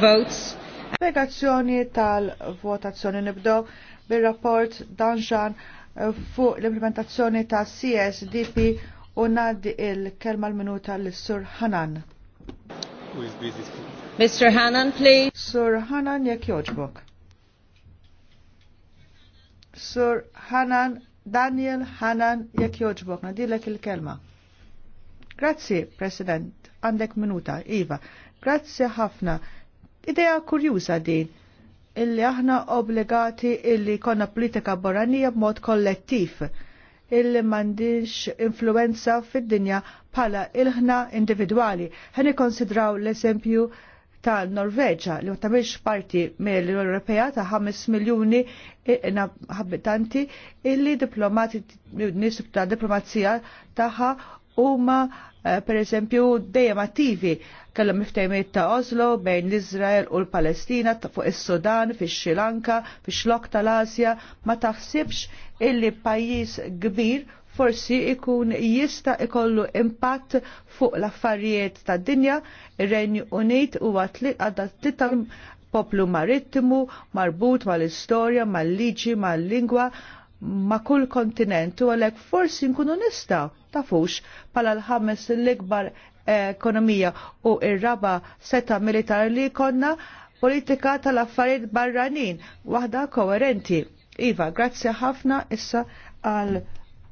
votes. Spiegazzjoni tal-votazzjoni nibdow bil-rapport danġan eh, fuq l-implementazzjoni ta' CSDP u naddi il-kelma l-minuta l-Sur Hanan. Mr. Hanan, please. Sur Hanan, jek joġbok. Sur Hanan, Daniel Hanan, jek joġbok, nadilek il-kelma. Grazzi, President, għandek minuta, Iva. Grazzi ħafna Idea kurjuża din illi aħna obbligati illi konna politika barranija b'mod kollettiv illi mandiġ influenza fid-dinja pala il-ħna individuali. Ħani konsidraw l-eżempju ta' norveġa li tamilx parti mill-Unjoni Ewropea ta' 5 miljuni habitanti illi diplomati, nis ta' diplomazija taħħa huma Eh, per eżempju dejjem attivi kellhom miftejmiet ta' Oslo bejn l-Izrael u l-Palestina fuq is-Sudan, fix-Sri Lanka, fix-xlok tal-Asja, ma taħsibx illi pajjiż kbir forsi ikun jista ikollu impatt fuq l-affarijiet tad dinja, ir-Renju Unit u għadda poplu marittimu marbut mal-istorja, mal-liġi, mal-lingwa, ma' kull kontinent u għalek forsi nkunu nista' tafux pala l-ħames l-ikbar eh, ekonomija u ir-raba seta militari li konna politika tal-affarijiet barranin waħda koerenti. Iva, grazzi ħafna issa għal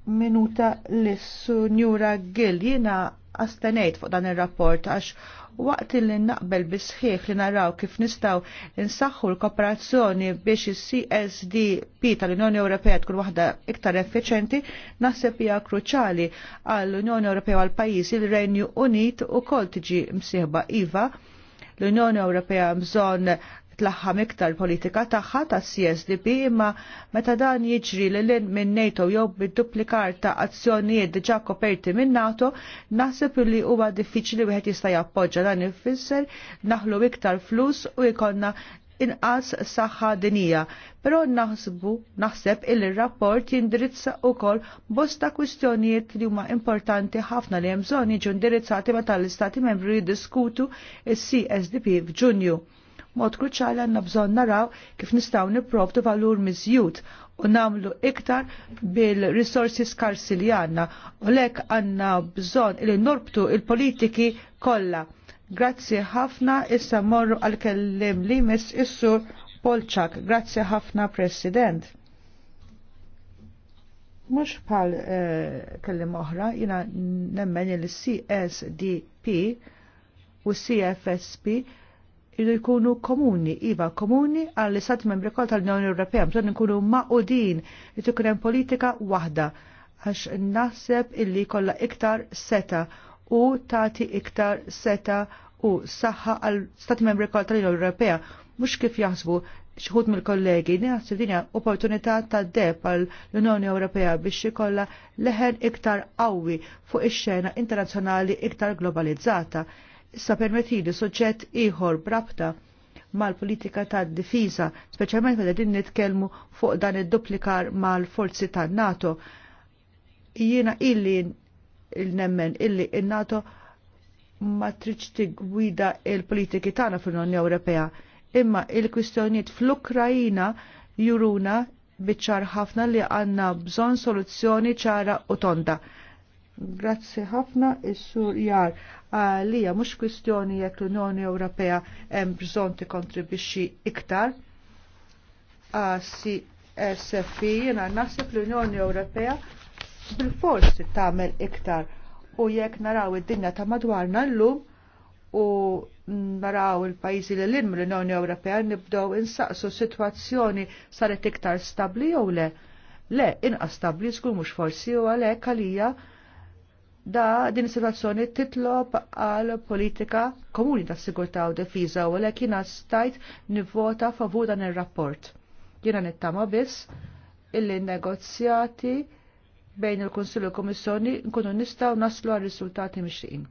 minuta l-sunjura Gil jina astenejt fuq dan il-rapport għax waqt li naqbel bisħiħ li naraw kif nistaw insaħħu l-kooperazzjoni biex is csdp tal-Unjoni Ewropea tkun waħda iktar effiċenti, naħseb hija kruċali għall-Unjoni Ewropea għal pajjiżi il renju Unit u kol tiġi msieħba IVA. L-Unjoni Ewropea bżonn tlaħħam iktar politika tagħha ta' CSDP imma meta dan jiġri l lin minn NATO jew bid-duplikar ta' azzjonijiet diġà koperti minn NATO, naħseb li huwa diffiċli wieħed jista' jappoġġa dan ifisser naħlu iktar flus u jkollna inqas saħħa dinija, pero naħsbu naħseb il-rapport jindirizza kol bosta kwistjonijiet li huma importanti ħafna li hemm bżonn jiġu indirizzati meta l-Istati Membri jiddiskutu il csdp f'Ġunju mod kruċali għanna bżon naraw kif nistaw niprovdu valur miżjud u namlu iktar bil-risorsi skarsi li għanna u lek għanna bżon il norbtu il-politiki kolla. Grazzi ħafna issa morru għal-kellim li mis issur Polċak. Grazzi ħafna President. Mux bħal eh, kellim oħra, jina nemmen il-CSDP u CFSP irridu jkunu komuni, iva komuni għall istati membri kol tal-Unjoni Ewropea, bżonn nkunu maqudin li tkun hemm politika waħda għax naħseb illi kollha iktar seta u tagħti iktar seta u saħħa għal stati membri kol tal-Unjoni Ewropea mhux kif jaħsbu xħut mill-kollegi naħseb dinja opportunità ta' deb għal l-Unjoni Ewropea biex ikolla leħen iktar qawwi fuq ix-xena internazzjonali iktar globalizzata Issa li soġġett ieħor brabta mal-politika ta' difiża, speċjalment meta din nitkellmu fuq dan id-duplikar mal-forzi tan NATO. Jiena illi il-nemmen illi il-NATO ma triċ tigwida il-politiki tagħna fl-Unjoni Ewropea. Imma il-kwistjonijiet fl-Ukrajina juruna biċċar ħafna li għanna bżon soluzzjoni ċara u tonda. Grazzi ħafna is-sur jar għalija ah, mhux kwistjoni jekk l-Unjoni Ewropea hemm bżonn tikkontribwixxi iktar ah, CSFI jiena naħseb l-Unjoni Ewropea bil-forsi tagħmel iktar u jekk naraw id-dinja ta' madwarna llum u naraw il-pajjiżi li l unjoni Ewropea nibdew insaqsu sitwazzjoni saret iktar stabbli jew le. Le, inqas stabbli żgur mhux forsi u għalhekk għalija da din situazzjoni titlob għal politika komuni ta' sigurtà u defiża u lek jina stajt nivvota favur dan ir-rapport. Jiena nittama biss illi negozjati bejn il-Kunsill u l nkunu nistaw naslu għal riżultati mixtieqin.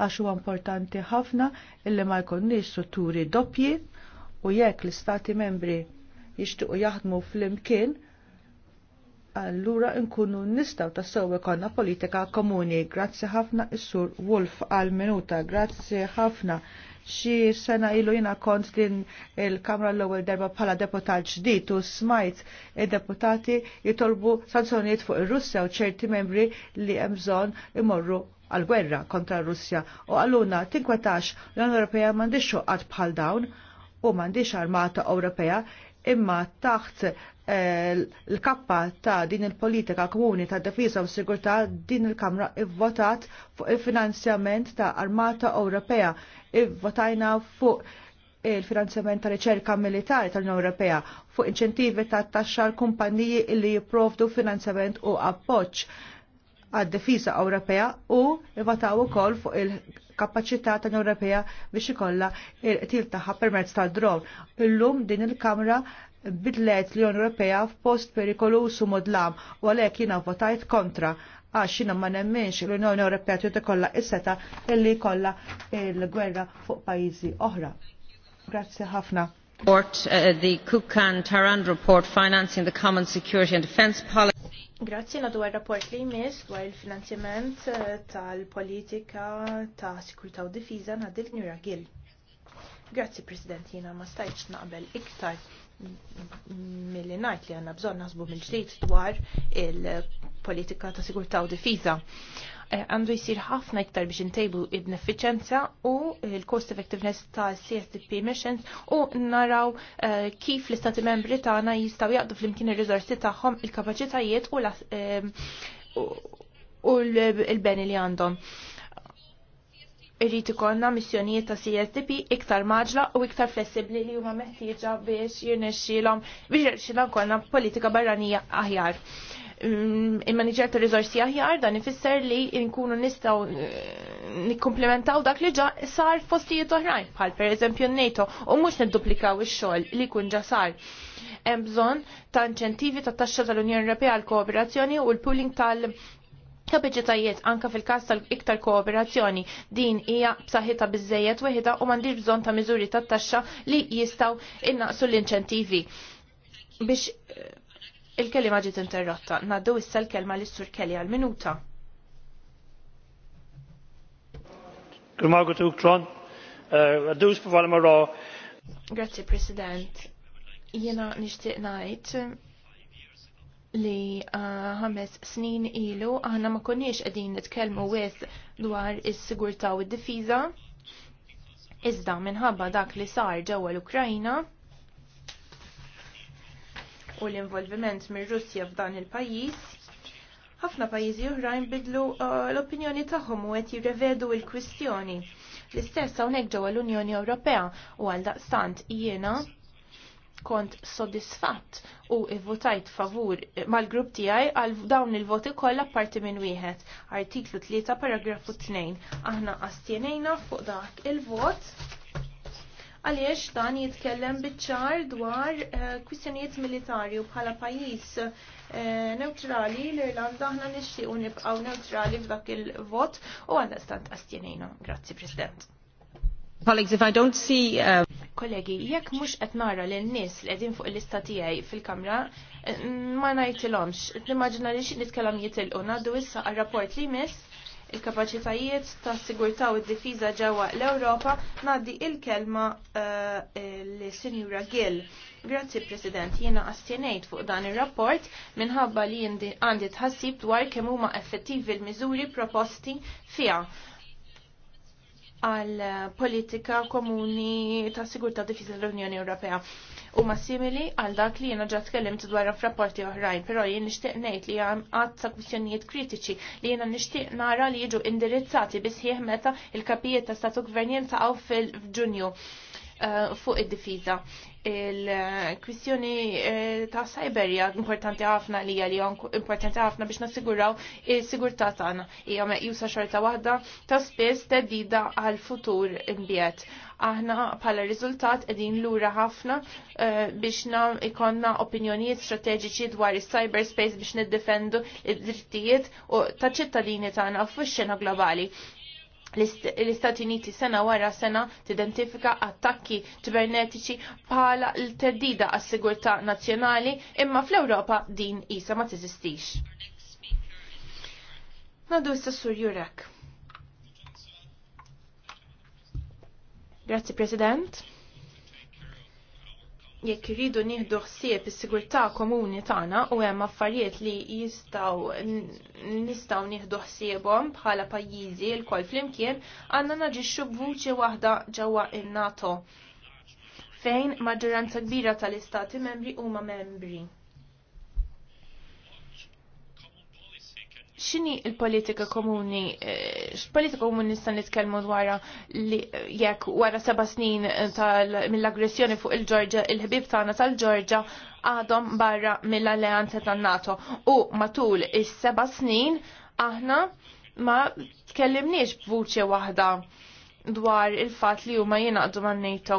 Għax huwa importanti ħafna illi ma jkunniex strutturi doppji u jekk l-Istati membri jixtiequ jaħdmu fl-imkien allura nkunu nistaw tassew ikonna politika komuni. Grazzi ħafna is-sur Wolf għal minuta. Grazzi ħafna xi sena ilu jina kont din il-Kamra l-ewwel darba bħala deputat ġdid u smajt id-deputati jitolbu sanzjonijiet fuq ir-Russja u ċerti membri li hemm bżonn imorru għal-gwerra kontra r-Russja u għalluna tinkwetax l-Unjoni Ewropea m'għandix xoqqat bħal dawn u m'għandix armata Ewropea imma taħt Eh, l-kappa ta' din il-politika komuni ta' difiża u sigurtà din il-Kamra ivvotat fuq il-finanzjament ta' Armata Ewropea, ivvotajna fuq il-finanzjament ta' riċerka militari tal-Unjoni Ewropea fuq inċentivi ta' taxxa l kumpaniji illi jipprovdu finanzjament u appoġġ għad-difiża Ewropea u votaw ukoll fuq il-kapaċità tal Ewropea biex ikollha il-qtil tagħha permezz tad-dron. Illum din il-Kamra bidlet l-Unjoni Ewropea f'post perikolusu modlam u għalhekk jiena votajt kontra għax jiena ma nemmenx l-Unjoni Ewropea trid ikollha is-seta illi jkollha l-gwerra fuq pajjiżi oħra. Grazzi ħafna report uh, the Kukan Tarand report financing the common security and defense policy. Grazzi na dwar rapport li jmiss dwar il-finanzjament uh, tal-politika ta' sikurta u difiża nadil Nura Gil. Grazzi President, jina ma stajċ naqbel iktar mill-li najt li għanna bżon nasbu mill-ġdijt dwar il-politika ta' sigurta u difiza. Eh, għandu jisir ħafna iktar biex intejbu id neffiċenza u il-cost effectiveness ta' CSDP missions u naraw eh, kif l-istati membri tagħna jistaw jaqdu fl-imkien ir-riżorsi tagħhom il-kapaċitajiet u eh, l-beni li għandhom irrid ikollna missjonijiet ta' CSDP iktar maġla u iktar flessibbli li huma meħtieġa biex jirnexxilhom biex jirnexxilhom konna politika barranija aħjar. Mm, il niġer ta' rizorsi aħjar dan ifisser li nkunu nistgħu eh, nikkumplementaw dak li ġa sar fostijiet oħrajn bħal pereżempju NATO u mhux nidduplikaw ix-xogħol li kun ġa sar hemm bżonn ta' inċentivi ta' taxxa tal-Unjoni Ewropea għal kooperazzjoni u l-pooling tal- kapaċitajiet anka fil-kas tal-iktar kooperazzjoni din hija b'saħħitha biżejjed weħda u m'għandix bżonn ta' miżuri tat-taxxa li jistgħu innaqsu l-inċentivi. Biex eh, il-kelima ġiet interrotta, ngħaddu issa l-kelma lis sur Kelly għal-minuta. Grazzi eh, President. Jena nixtieq ngħid li uh, ħames uh, snin ilu aħna ma konniex qegħdin nitkellmu wis dwar is-sigurtà u d-difiża. Iżda minħabba dak li sar ġewwa l-Ukrajna u l-involviment mir Russja f'dan il-pajjiż, ħafna pajjiżi oħrajn bidlu uh, l-opinjoni tagħhom u qed jirrevedu l-kwistjoni. L-istess hawnhekk ġewwa l-Unjoni Ewropea u għal daqstant jiena kont sodisfatt u votajt favur mal-grupp tiegħi għal dawn il-voti kollha parti minn wieħed. Artiklu 3 paragrafu 2. Aħna astjenejna fuq dak il-vot għaliex dan jitkellem biċ-ċar dwar eh, kwistjonijiet militari u bħala pajjiż eh, neutrali l-Irlanda aħna u nibqgħu neutrali f'dak il-vot u għandha stant astjenejna. Grazzi President. Colleagues, if I don't see uh... Kollegi, jekk mhux qed nara lil nies li qegħdin fuq il-lista tiegħi fil-kamra, eh, ma ngħidilhomx. Nimmaġina li xi nitkellem jitilqu ngħaddu issa għar-rapport li jmiss il-kapaċitajiet ta' sigurtà u d-difiża ġewwa l-Ewropa ngħaddi il-kelma eh, li sinjura Gill. Grazzi President, jiena astjenejt fuq dan ir-rapport minħabba li għandi tħassib dwar kemm huma effettivi l-miżuri proposti fiha għal politika komuni ta' sigurta Difiża l-Unjoni Ewropea. U ma' simili għal dak li jena ġat kellimt dwar f'rapporti oħrajn, però jien nixtieq ngħid li għad ta' kwistjonijiet kritiċi li jiena nixtieq nara li jiġu indirizzati bisħieħ meta il-kapijiet ta' statu gvernjen ta' fil-ġunju. Eh, fuq id-difiża. Il-kwistjoni eh, ta' Siberia importanti ħafna li hija li importanti ħafna biex nassiguraw is-sigurtà tagħna. Hija meqjusa xorta waħda ta' spiss teddida għal futur imbiet. Aħna bħala riżultat qegħdin lura ħafna eh, biex ikonna opinjonijiet strateġiċi dwar is-cyberspace biex niddefendu id-drittijiet u ta' ċittadini tagħna fuq xena globali l-Istati Uniti sena wara sena tidentifika attakki ċibernetiċi bħala l-teddida għas sigurtà nazzjonali imma fl-Ewropa din isa ma t-izistix. Nadu issa sur Jurek. Grazie President jekk iridu nieħdu ħsieb is-sigurtà komuni tagħna u hemm affarijiet li jistgħu nistgħu nieħdu ħsiebhom bħala pajjiżi lkoll flimkien għandna naġixxu b'vuċi waħda ġewwa in-NATO fejn maġġoranza kbira tal-istati membri huma membri. xini il-politika komuni, eh, x-politika komuni nistan nitkelmu dwarra li eh, jekk wara seba snin eh, mill-aggressjoni fuq il-ġorġa, il-ħbib tagħna tal-ġorġa għadhom barra mill-alleanza tan-NATO. U matul is-seba snin aħna ma tkellimniex b'vuċi waħda dwar il-fat li huma jingħaqdu ma' nato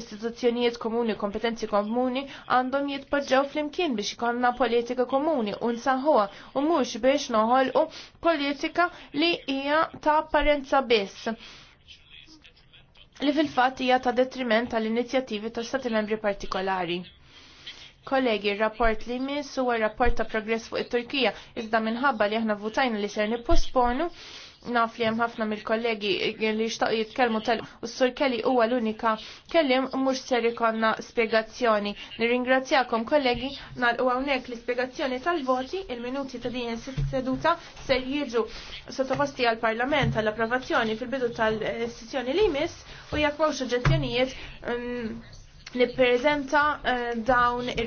Istituzzjonijiet komuni, kompetenzi komuni għandhom jitpoġġew flimkien biex ikonna politika komuni u nsaħħuha u mhux biex noħolqu politika li hija ta' apparenza biss li fil-fatt hija ta' detriment tal-inizjattivi ta' stati membri partikolari. Kollegi, il-rapport li mis huwa rapport ta' progress fuq it-Turkija, iżda minħabba li aħna votajna li ser nipposponu, naf li hemm ħafna mill-kollegi li xtaq jitkellmu tal u s-sur Kelly huwa l-unika kellim mhux ser ikonna spjegazzjoni. Nirringrazzjakom kollegi nal u hawnhekk l-ispjegazzjoni tal-voti, il-minuti ta' din seduta ser jiġu sottoposti għall parlament għall approvazzjoni fil-bidu tal-sessjoni li jmiss u jekk mhux oġġezzjonijiet mm, nippreżenta eh, dawn ir